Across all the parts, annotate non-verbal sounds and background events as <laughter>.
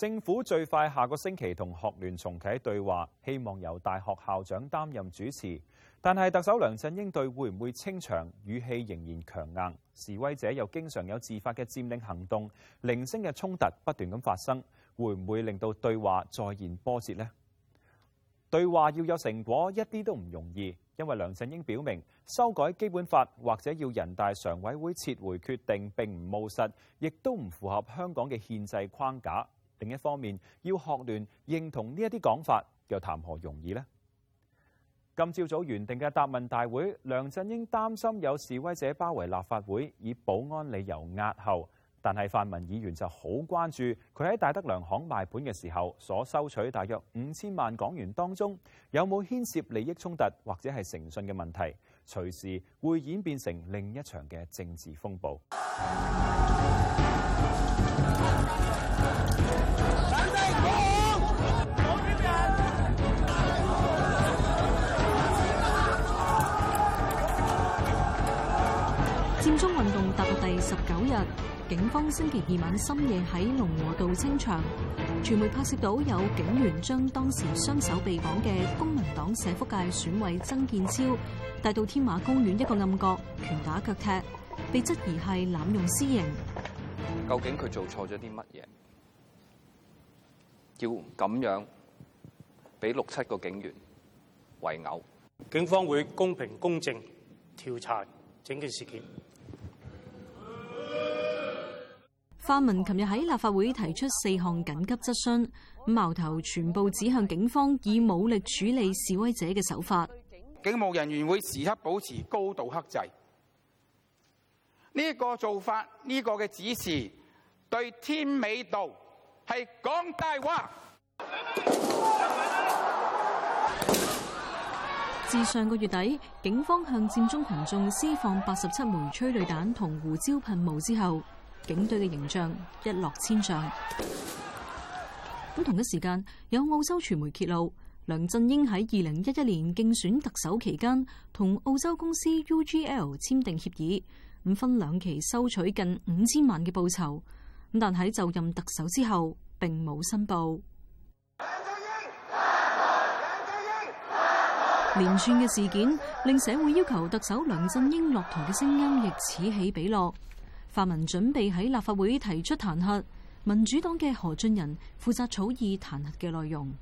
政府最快下個星期同學聯重啟對話，希望由大學校長擔任主持。但係特首梁振英對會唔會清場，語氣仍然強硬。示威者又經常有自發嘅佔領行動，零星嘅衝突不斷咁發生，會唔會令到對話再現波折呢？對話要有成果，一啲都唔容易，因為梁振英表明修改基本法或者要人大常委會撤回決定並唔務實，亦都唔符合香港嘅憲制框架。另一方面，要學聯認同呢一啲講法，又談何容易呢？今朝早原定嘅答問大會，梁振英擔心有示威者包圍立法會，以保安理由押後。但係泛民議員就好關注佢喺戴德梁行賣盤嘅時候所收取大約五千萬港元當中，有冇牽涉利益衝突或者係誠信嘅問題，隨時會演變成另一場嘅政治風暴。 <music> 佔中運動踏入第十九日，警方星期二晚深夜喺龍和道清場，傳媒拍攝到有警員將當時雙手被綁嘅公民黨社福界選委曾建超帶到天馬公園一個暗角拳打腳踢，被質疑係濫用私刑。究竟佢做錯咗啲乜嘢？要咁樣俾六七個警員圍毆？警方會公平公正調查整件事件。泛民琴日喺立法會提出四項緊急質詢，矛頭全部指向警方以武力處理示威者嘅手法。警務人員會時刻保持高度克制，呢、這個做法呢、這個嘅指示對天美道，係講大話。自上個月底，警方向佔中群眾施放八十七枚催淚彈同胡椒噴霧之後。警隊嘅形象一落千丈。咁同一時間，有澳洲傳媒揭露，梁振英喺二零一一年競選特首期間，同澳洲公司 UGL 簽訂協議，咁分兩期收取近五千萬嘅報酬。咁但喺就任特首之後，並冇申報。連串嘅事件令社會要求特首梁振英落台嘅聲音亦此起彼落。泛民準備喺立法會提出彈劾，民主黨嘅何俊仁負責草擬彈劾嘅內容。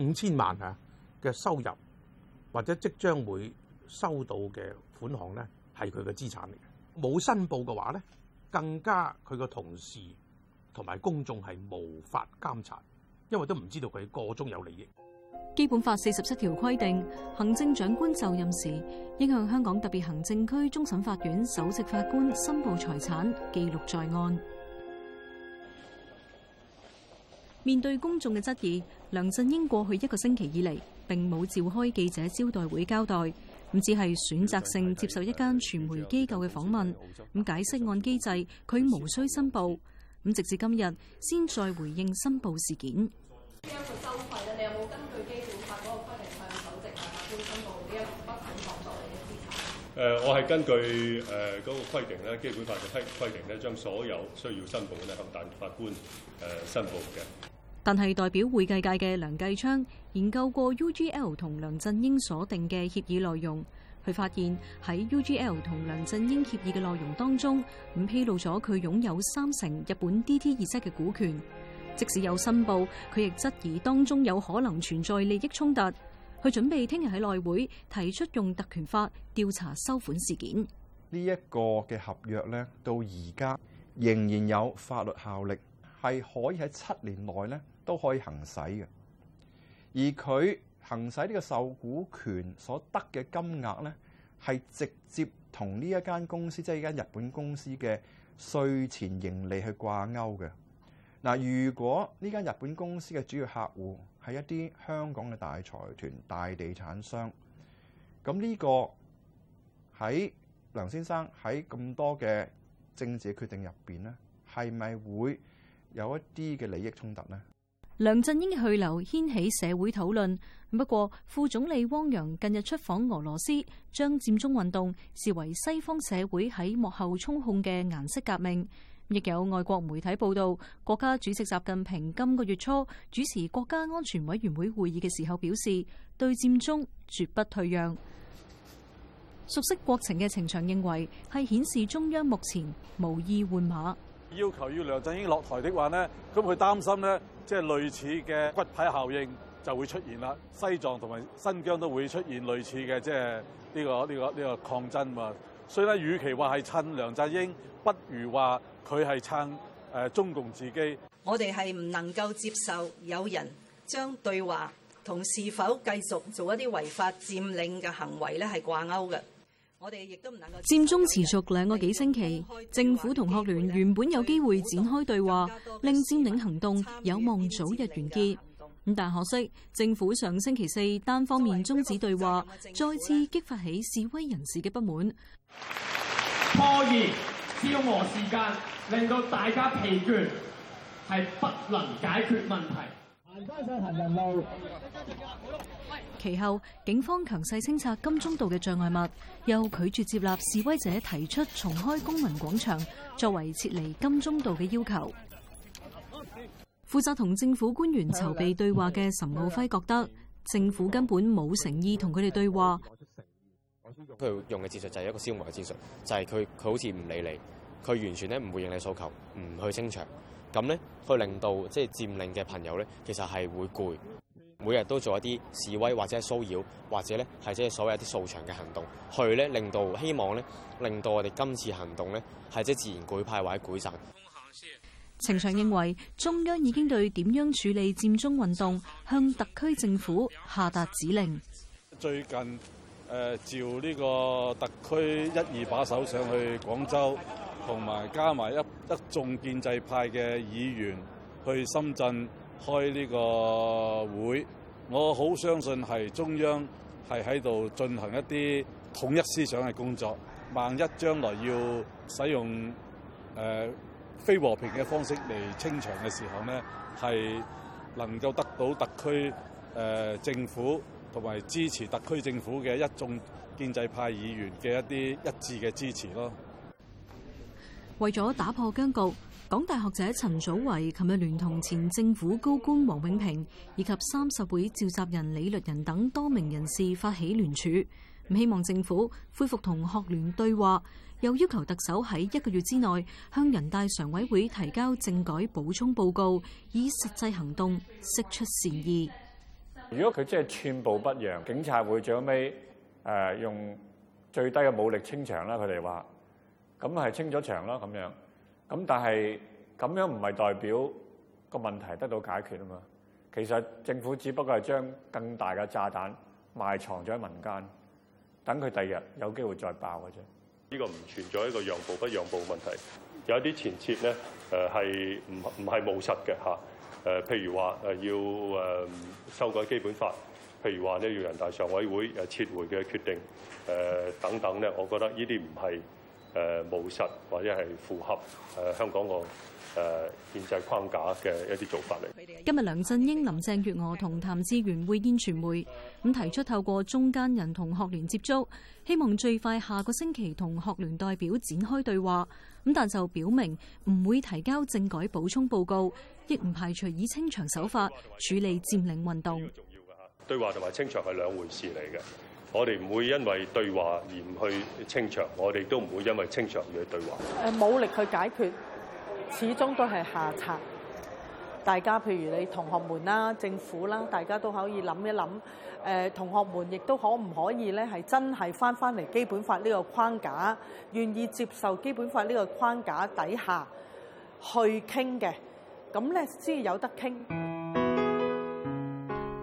五千萬嘅嘅收入或者即將會收到嘅款項呢，係佢嘅資產嚟嘅。冇申報嘅話咧，更加佢嘅同事同埋公眾係無法監察，因為都唔知道佢個中有利益。基本法四十七條規定，行政長官就任時應向香港特別行政區終審法院首席法官申報財產，記錄在案。面對公眾嘅質疑，梁振英過去一個星期以嚟，並冇召開記者招待會交代，咁只係選擇性接受一間傳媒機構嘅訪問，咁解釋按機制佢無需申報，咁直至今日先再回應申報事件。呢一個收費咧，你有冇根據機？誒，我係根據誒嗰個規定咧，《基本法》嘅規規定咧，將所有需要申報咧，向大法官誒申報嘅。但係代表會計界嘅梁繼昌研究過 U G L 同梁振英所定嘅協議內容，佢發現喺 U G L 同梁振英協議嘅內容當中，唔披露咗佢擁有三成日本 D T 二息嘅股權。即使有申報，佢亦質疑當中有可能存在利益衝突。佢準備聽日喺內會提出用特權法調查收款事件。呢、這、一個嘅合約咧，到而家仍然有法律效力，係可以喺七年內咧都可以行使嘅。而佢行使呢個受股權所得嘅金額咧，係直接同呢一間公司，即係呢間日本公司嘅稅前盈利去掛鈎嘅。嗱，如果呢間日本公司嘅主要客戶係一啲香港嘅大財團、大地產商，咁呢個喺梁先生喺咁多嘅政治決定入邊咧，係咪會有一啲嘅利益衝突咧？梁振英去留掀起社會討論，不過副總理汪洋近日出訪俄羅斯，將佔中運動視為西方社會喺幕後操控嘅顏色革命。亦有外國媒體報道，國家主席習近平今個月初主持國家安全委員會會議嘅時候表示，對佔中絕不退讓。熟悉國情嘅程翔認為，係顯示中央目前無意換馬。要求要梁振英落台的話呢，咁佢擔心呢，即係類似嘅骨牌效應就會出現啦。西藏同埋新疆都會出現類似嘅、呢個，即係呢個呢、呢個呢、呢個抗爭嘛。所以呢，與其話係趁梁振英，不如話。佢係撐誒中共自己。我哋係唔能夠接受有人將對話同是否繼續做一啲違法佔領嘅行為咧係掛鈎嘅。我哋亦都唔能夠。佔中持續兩個幾星期，政府同學聯原本有機會展開對話，令佔領行動有望早日完結。咁但可惜，政府上星期四單方面中止對話，這個就是，再次激發起示威人士嘅不滿。初二。消耗時間令到大家疲倦，係不能解決問題。其後，警方強勢清拆金鐘道嘅障礙物，又拒絕接納示威者提出重開公民廣場作為撤離金鐘道嘅要求。負責同政府官員籌備對話嘅岑敖暉覺得，政府根本冇誠意同佢哋對話。佢用嘅戰術就係一個消磨嘅戰術，就係佢佢好似唔理你，佢完全咧唔會應你訴求，唔去清場，咁咧去令到即係佔領嘅朋友咧，其實係會攰，每日都做一啲示威或者係騷擾，或者咧係即係所謂一啲掃場嘅行動，去咧令到希望咧令到我哋今次行動咧係即係自然舉派或者舉散。程翔認為中央已經對點樣處理佔中運動向特區政府下達指令。最近。誒照呢個特區一二把手上去廣州，同埋加埋一一眾建制派嘅議員去深圳開呢個會，我好相信係中央係喺度進行一啲統一思想嘅工作。萬一將來要使用、呃、非和平嘅方式嚟清場嘅時候，呢係能夠得到特區、呃、政府，同埋支持特區政府嘅一眾建制派議員嘅一啲一致嘅支持咯。為咗打破僵局，港大學者陳祖維琴日聯同前政府高官王永平以及三十會召集人李律仁等多名人士發起聯署，希望政府恢復同學聯對話，又要求特首喺一個月之內向人大常委會提交政改補充報告，以實際行動釋出善意。如果佢真係寸步不讓，警察會最後尾、呃、用最低嘅武力清場啦，佢哋話，咁係清咗場啦咁樣，咁但係咁樣唔係代表個問題得到解決啊嘛，其實政府只不過係將更大嘅炸彈埋藏咗喺民間，等佢第二日有機會再爆嘅啫。呢、這個唔存在一個讓步不讓步問題，有啲前設咧、誒係唔唔係務實嘅嚇誒、呃、譬如話誒、呃、要誒、呃、修改基本法，譬如話咧，要人大常委會誒撤回嘅決定，誒、呃、等等咧，我覺得呢啲唔係。誒務實或者係符合誒香港個誒憲制框架嘅一啲做法嚟。今日梁振英、林鄭月娥同譚志源會見傳媒，咁提出透過中間人同學聯接觸，希望最快下個星期同學聯代表展開對話。咁但就表明唔會提交政改補充報告，亦唔排除以清場手法處理佔領運動。對話同埋清場係兩回事嚟嘅。我哋唔會因為對話而唔去清場，我哋都唔會因為清場而去對話。誒，武力去解決，始終都係下策。大家譬如你同學們啦、政府啦，大家都可以諗一諗。誒，同學們亦都可唔可以咧？係真係翻翻嚟基本法呢個框架，願意接受基本法呢個框架底下去傾嘅，咁咧先有得傾。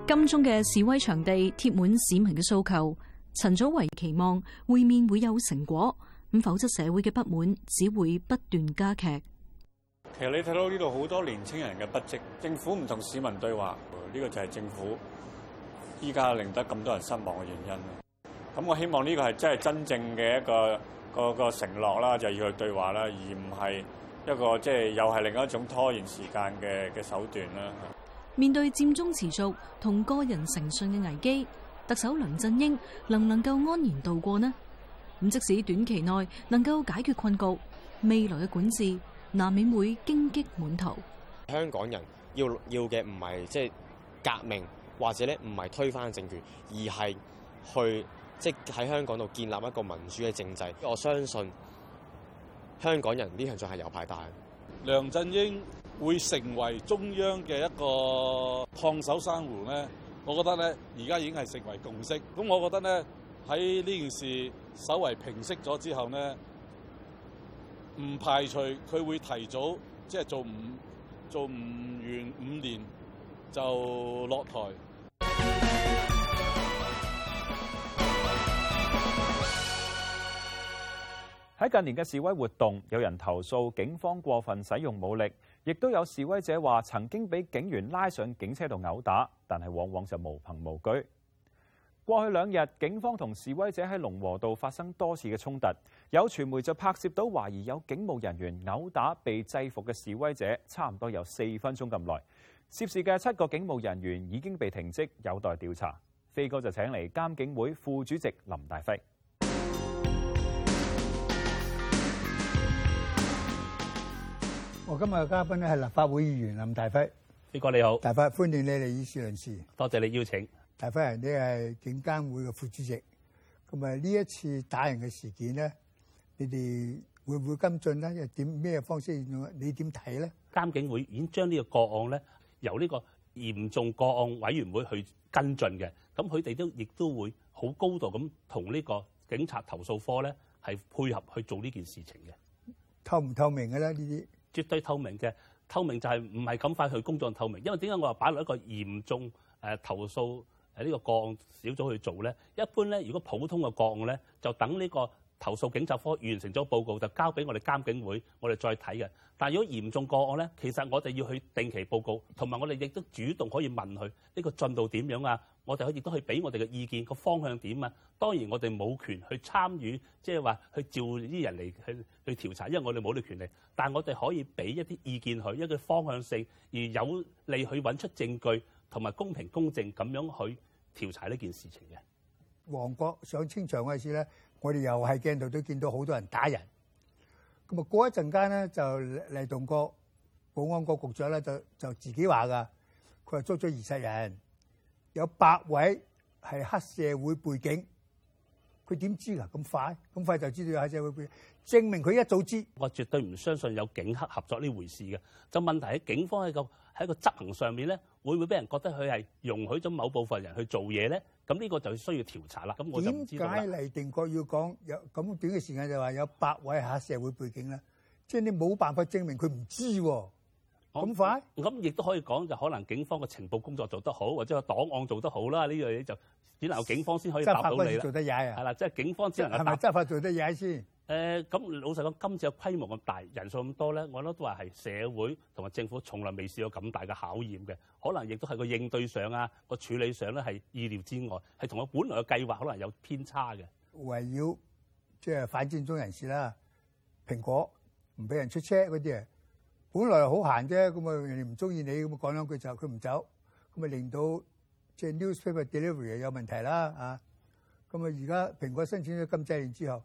金鐘嘅示威場地貼滿市民嘅訴求，陳祖為期望會面會有成果，咁否則社會嘅不滿只會不斷加劇。其實你睇到呢度好多年青人嘅不值，政府唔同市民對話，呢、呢個就係政府依家令得咁多人失望嘅原因。咁我希望呢個係真係真正嘅一個一個一個，一個承諾啦，就是、要去對話啦，而唔係一個即係、就是、又係另一種拖延時間嘅嘅手段啦。面對佔中持續同個人誠信嘅危機，特首梁振英能唔能夠安然度過呢？咁即使短期內能夠解決困局，未來嘅管治難免會荊棘滿途。香港人要要嘅唔係即係革命，或者咧唔係推翻政權，而係去即係喺香港度建立一個民主嘅政制。我相信香港人呢項仲係有排大。梁振英。會成為中央嘅一個燙手山芋咧，我覺得咧，而家已經係成為共識。咁我覺得咧，喺呢件事稍為平息咗之後咧，唔排除佢會提早即係做唔做五做唔完五年就落台。喺近年嘅示威活動，有人投訴警方過分使用武力。亦都有示威者話曾經被警員拉上警車度毆打，但係往往就無憑無據。過去兩日，警方同示威者喺龍和道發生多次嘅衝突，有傳媒就拍攝到懷疑有警務人員毆打被制服嘅示威者，差唔多有四分鐘咁耐。涉事嘅七個警務人員已經被停職，有待調查。飛哥就請嚟監警會副主席林大輝。我今日嘅嘉賓咧係立法會議員林大輝。飛哥你好，大輝，歡迎你哋議事論事。多謝你邀請。大輝，你係警監會嘅副主席，同埋呢一次打人嘅事件咧，你哋會唔會跟進咧？又點咩方式？你點睇咧？監警會已經將呢個個案咧由呢個嚴重個案委員會去跟進嘅，咁佢哋都亦都會好高度咁同呢個警察投訴科咧係配合去做呢件事情嘅。透唔透明嘅咧呢啲？絕對透明嘅，透明就係唔係咁快去公眾透明，因為點解我話擺落一個嚴重、呃、投訴誒呢、呃呢個個案小組去做呢？一般呢，如果普通嘅個案呢，就等呢、呢個投訴警察科完成咗報告，就交俾我哋監警會，我哋再睇嘅。但係如果嚴重個案咧，其實我哋要去定期報告，同埋我哋亦都主動可以問佢呢個進度點樣啊。我哋可亦都可以俾我哋嘅意見，個方向點啊。當然我哋冇權去參與，即係話去召啲人嚟去去調查，因為我哋冇呢權利。但係我哋可以俾一啲意見佢，一個方向性而有利去揾出證據，同埋公平公正咁樣去調查呢件事情嘅。黃國上清場嗰陣時咧。我哋又喺鏡度都見到好多人打人。咁啊，過一陣間咧就嚟到個保安局局長咧就就自己話噶，佢係捉咗二十人，有八位係黑社會背景，佢點知啊？咁快咁快就知道係黑社會背景，證明佢一早知。我絕對唔相信有警黑合作呢回事嘅，就問題喺警方喺個喺個執行上面咧，會唔會俾人覺得佢係容許咗某部分人去做嘢咧？咁呢個就需要調查啦。咁我就點解黎棟國要講有咁短嘅時間就話有百位吓社會背景咧？即、就、係、是、你冇辦法證明佢唔知喎、啊。咁快？咁亦都可以講就可能警方嘅情報工作做得好，或者個檔案做得好啦。呢樣嘢就只能夠警方先可以答到你執法做得曳啊！係啦、嗯，即係、嗯就是、警方只能夠答。執法做得曳先、啊。是誒咁老實講，今次嘅規模咁大，人數咁多咧，我諗都話係社會同埋政府從來未試過咁大嘅考驗嘅，可能亦都係個應對上啊個處理上咧係意料之外，係同我本來嘅計劃可能有偏差嘅。圍繞即係反佔中人士啦，蘋果唔俾人出車嗰啲，本來好閒啫，咁啊人哋唔中意你，咁講兩句就佢唔走，咁啊令到即係 newspaper delivery 有問題啦啊！咁啊而家蘋果申請咗禁制令之後，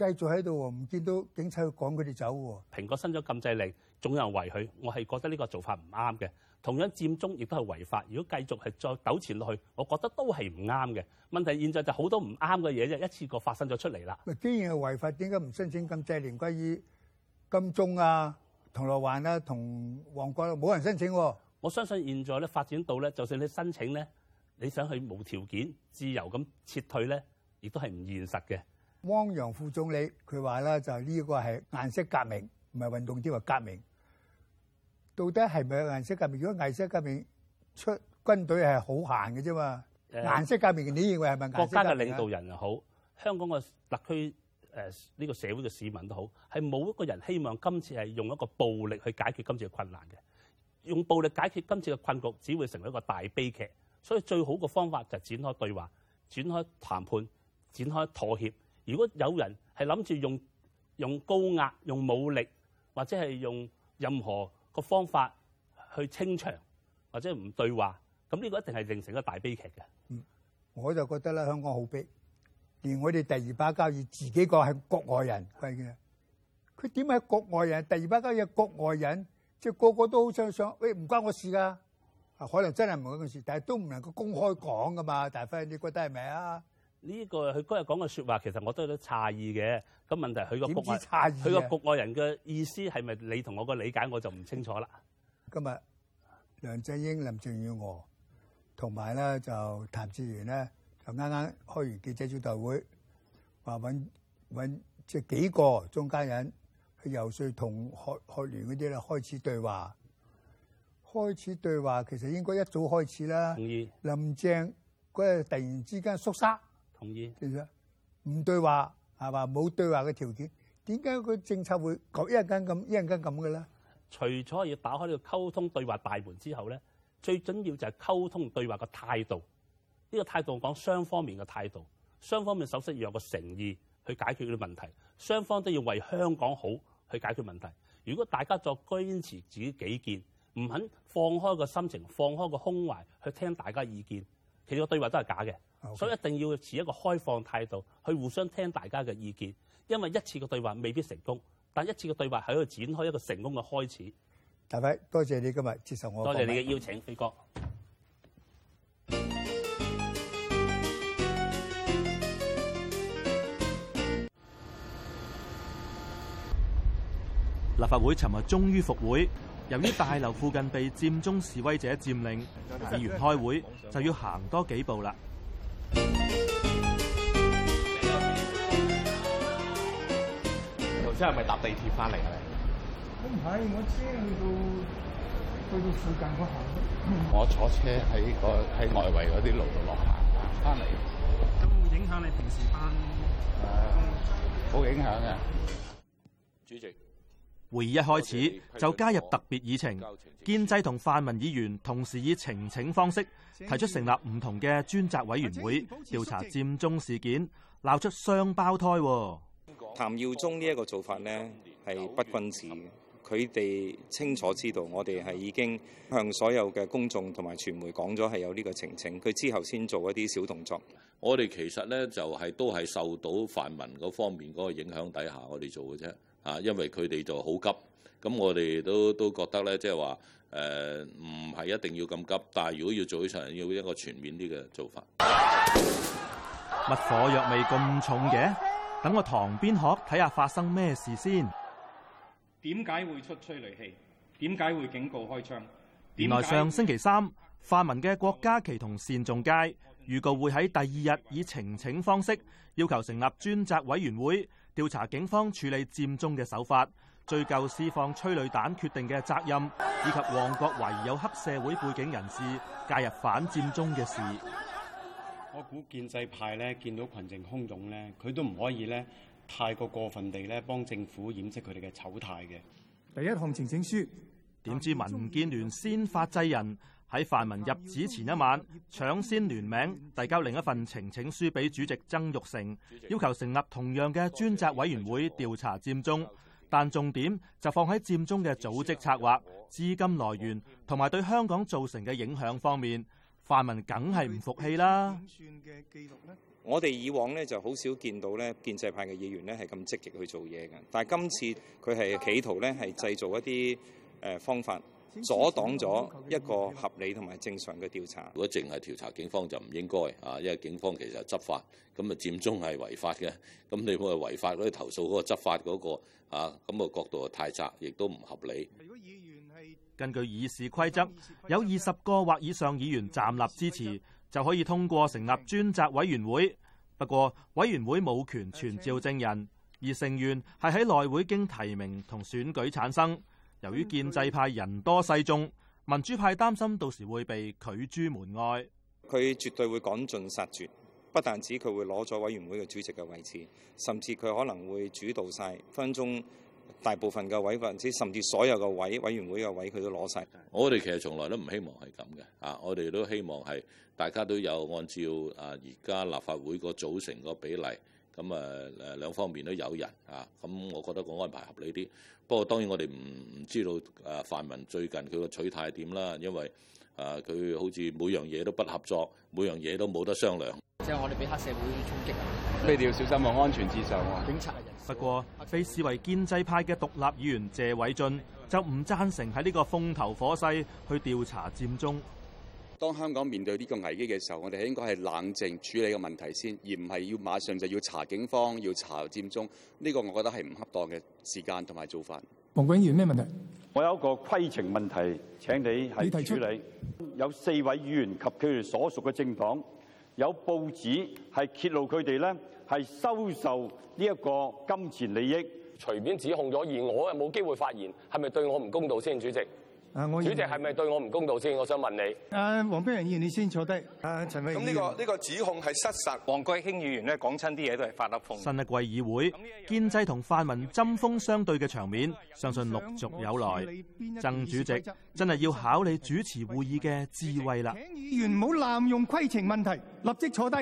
繼續喺度喎，唔見到警察去趕佢哋走喎、啊。蘋果申咗禁制令，總有人違佢，我係覺得呢個做法唔啱嘅。同樣佔中亦都係違法，如果繼續係再糾纏落去，我覺得都係唔啱嘅。問題現在就好多唔啱嘅嘢啫，一次過發生咗出嚟啦。既然係違法，點解唔申請禁制令？關於金鐘啊、銅鑼灣啊、同旺角冇人申請喎、啊。我相信現在咧發展到咧，就算你申請咧，你想去冇條件自由咁撤退咧，亦都係唔現實嘅。汪洋副總理佢話啦，就呢個係顏色革命，唔係運動啲話革命。到底係咪有顏色革命？如果顏色革命出軍隊係好閒嘅啫嘛。顏色革命，你認為係咪國家嘅領導人又好，香港嘅特區誒呢、呃這個社會嘅市民都好，係冇一個人希望今次係用一個暴力去解決今次嘅困難嘅。用暴力解決今次嘅困局，只會成為一個大悲劇。所以最好嘅方法就係展開對話、展開談判、展開妥協。如果有人係諗住用用高壓、用武力或者係用任何個方法去清場，或者唔對話，咁呢個一定係形成一個大悲劇嘅。嗯，我就覺得咧，香港好悲，而我哋第二把交易自己個係國外人嚟嘅，佢點係國外人？第二把交易係國外人，即係個個都好想想，喂唔關我事㗎。啊，可能真係唔關我事，但係都唔能夠公開講㗎嘛。大輝，你覺得係咪啊？呢、這個佢嗰日講嘅説話，其實我都有啲詫異嘅。咁問題，佢個局外佢個局外人嘅意思係咪你同我個理解，我就唔清楚啦。今日梁振英、林鄭月娥同埋咧就譚志源咧就啱啱開完記者招待會，話揾揾即係幾個中間人去游説同學學聯嗰啲咧開始對話。開始對話其實應該一早開始啦。同意。林鄭嗰日突然之間縮沙。同意。其實唔對話，係嘛？冇對話嘅條件，點解佢政策會講一陣間咁，一陣間咁嘅咧？除咗要打開呢個溝通對話大門之後咧，最緊要就係溝通對話嘅態度。呢、呢個態度講雙方面嘅態度，雙方面首先要有個誠意去解決嗰啲問題，雙方都要為香港好去解決問題。如果大家再堅持自己己見，唔肯放開個心情，放開個胸懷去聽大家意見。其實個對話都係假嘅，okay. 所以一定要持一個開放態度去互相聽大家嘅意見，因為一次個對話未必成功，但一次個對話喺度展開一個成功嘅開始。大輝，多謝你今日接受我。多謝你嘅邀請，飛哥。立法會尋日終於復會。由於大樓附近被佔中示威者佔領，議 <laughs> 員開會就要行多走幾步啦。頭先係咪搭地鐵翻嚟啊？唔係，我先去到去到附近嗰行。我坐車喺、嗰個喺外圍嗰啲路度落行翻嚟。咁影響你平時翻？誒，好、 <music> 啊、影響嘅。 <music> 主席。主會議一開始就加入特別議程，建制同泛民議員同時以呈請方式提出成立唔同嘅專責委員會調查佔中事件，鬧出雙胞胎。譚耀宗呢一個做法呢係不君子，佢哋清楚知道我哋係已經向所有嘅公眾同埋傳媒講咗係有呢個呈請，佢之後先做一啲小動作。我哋其實呢就係、是、都係受到泛民嗰方面嗰個影響底下，我們，我哋做嘅啫。啊，因為佢哋就好急，咁我哋都都覺得咧，即係話誒，唔係一定要咁急，但係如果要做起上，要一個全面啲嘅做法。乜火藥味咁重嘅？等我堂邊鶴睇下發生咩事先。點解會出催淚氣？點解會警告開槍？原來上星期三，泛民嘅郭家麒同單仲偕預告會喺第二日以呈請方式要求成立專責委員會。調查警方處理佔中嘅手法，追究釋放催淚彈決定嘅責任，以及旺角懷疑有黑社會背景人士介入反佔中嘅事。我估建制派咧見到群情洶湧咧，佢都唔可以咧太過過分地咧幫政府掩飾佢哋嘅醜態嘅。第一項呈請書，點知民建聯先發制人。喺泛民入紙前一晚，搶先聯名遞交另一份呈請書俾主席曾鈺成，要求成立同樣嘅專責委員會調查佔中，但重點就放喺佔中嘅組織策劃、資金來源同埋對香港造成嘅影響方面。泛民梗係唔服氣啦！算嘅記錄咧？我哋以往咧就好少見到咧建制派嘅議員咧係咁積極去做嘢嘅，但係今次佢係企圖咧係製造一啲誒方法。阻擋咗一個合理同埋正常嘅調查。如果淨係調查，警方就唔應該啊，因為警方其實執法，咁啊佔中係違法嘅。咁你冇係違法嗰啲投訴嗰個執法嗰個啊，咁個角度啊太窄，亦都唔合理。如果議員係根據議事規則，有二十個或以上議員站立支持，就可以通過成立專責委員會。不過委員會冇權傳召證人，而成員係喺內會經提名同選舉產生。由於建制派人多勢眾，民主派擔心到時會被拒諸門外。佢絕對會趕盡殺絕，不但止佢會攞咗委員會嘅主席嘅位置，甚至佢可能會主導晒，分分鐘大部分嘅位，甚至甚至所有嘅委委員會嘅位佢都攞晒。我哋其實從來都唔希望係咁嘅啊！我哋都希望係大家都有按照啊而家立法會個組成個比例。咁啊兩方面都有人啊，咁我覺得個安排合理啲。不過當然我哋唔唔知道誒泛民最近佢個取態點啦，因為佢好似每樣嘢都不合作，每樣嘢都冇得商量。即係我哋俾黑社會衝擊啊！你哋要小心喎，安全至上啊！警察嘅人士。不過，被視為建制派嘅獨立議員謝偉俊就唔贊成喺呢個風頭火勢去調查佔中。當香港面對呢個危機嘅時候，我哋應該係冷靜處理個問題先，而唔係要馬上就要查警方、要查佔中。呢個我覺得係唔恰當嘅時間同埋做法。黃炳耀咩問題？我有一個規程問題，請你喺度處理。有四位議員及佢哋所屬嘅政黨，有報紙係揭露佢哋咧係收受呢一個金錢利益，隨便指控咗，而我又冇機會發言，係咪對我唔公道先？主席。我主席係咪對我唔公道先？我想問你。誒、啊，黃碧雲議員，你先坐低。誒、啊，陳惠。咁呢、呢個呢、呢個指控係失實。王國興議員咧講親啲嘢都係發噏風。新一季議會，人建制同泛民針鋒相對嘅場面，相信陸續有來。曾主席真係要考慮主持會議嘅智慧啦。請議員唔好濫用規程問題，立即坐低。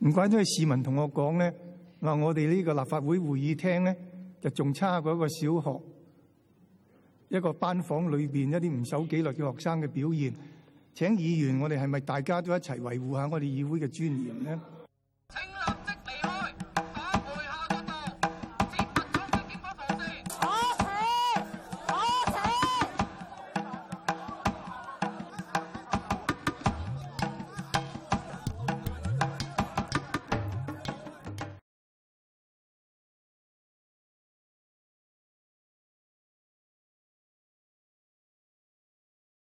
唔怪得市民同我講咧，嗱，我哋呢個立法會會議廳咧，就仲差過一個小學。一個班房裏面一啲唔守紀律嘅學生嘅表現，請議員，我哋係咪大家都一齊維護下我哋議會嘅尊嚴呢？